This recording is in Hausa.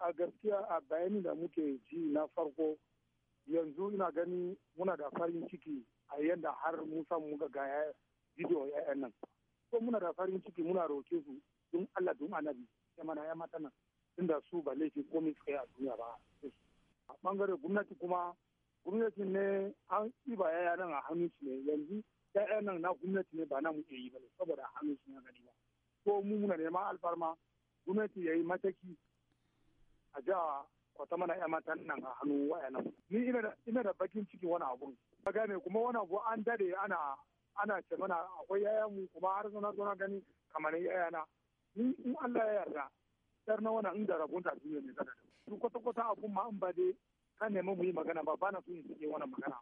a gaskiya a bayani da muke ji na farko yanzu ina gani muna da farin ciki a yadda har musa muka ga bidiyo ya'yan nan ko muna da farin ciki muna roke su don allah don annabi ya mana ya mata nan inda su ba laifi komai suka yi a duniya ba a bangare gwamnati kuma gwamnati ne an ba yaya nan a hannun su ne yanzu yaya nan na gwamnati ne ba na mu yi ba saboda hannun su na gani ba ko mu muna neman alfarma gwamnati ya yi mataki a ja kwata mana ya matan nan a hannu wayanan ni ina da bakin ciki wani abun ka gane kuma wani abu an dade ana ana ce mana akwai mu kuma har zona zona gani kamar yayana ni in Allah ya yarda yar na wannan inda ta duniya ne zaka ta. kwata kwata abun ma an ba dai ka nemi mu yi magana ba bana so in yi wannan magana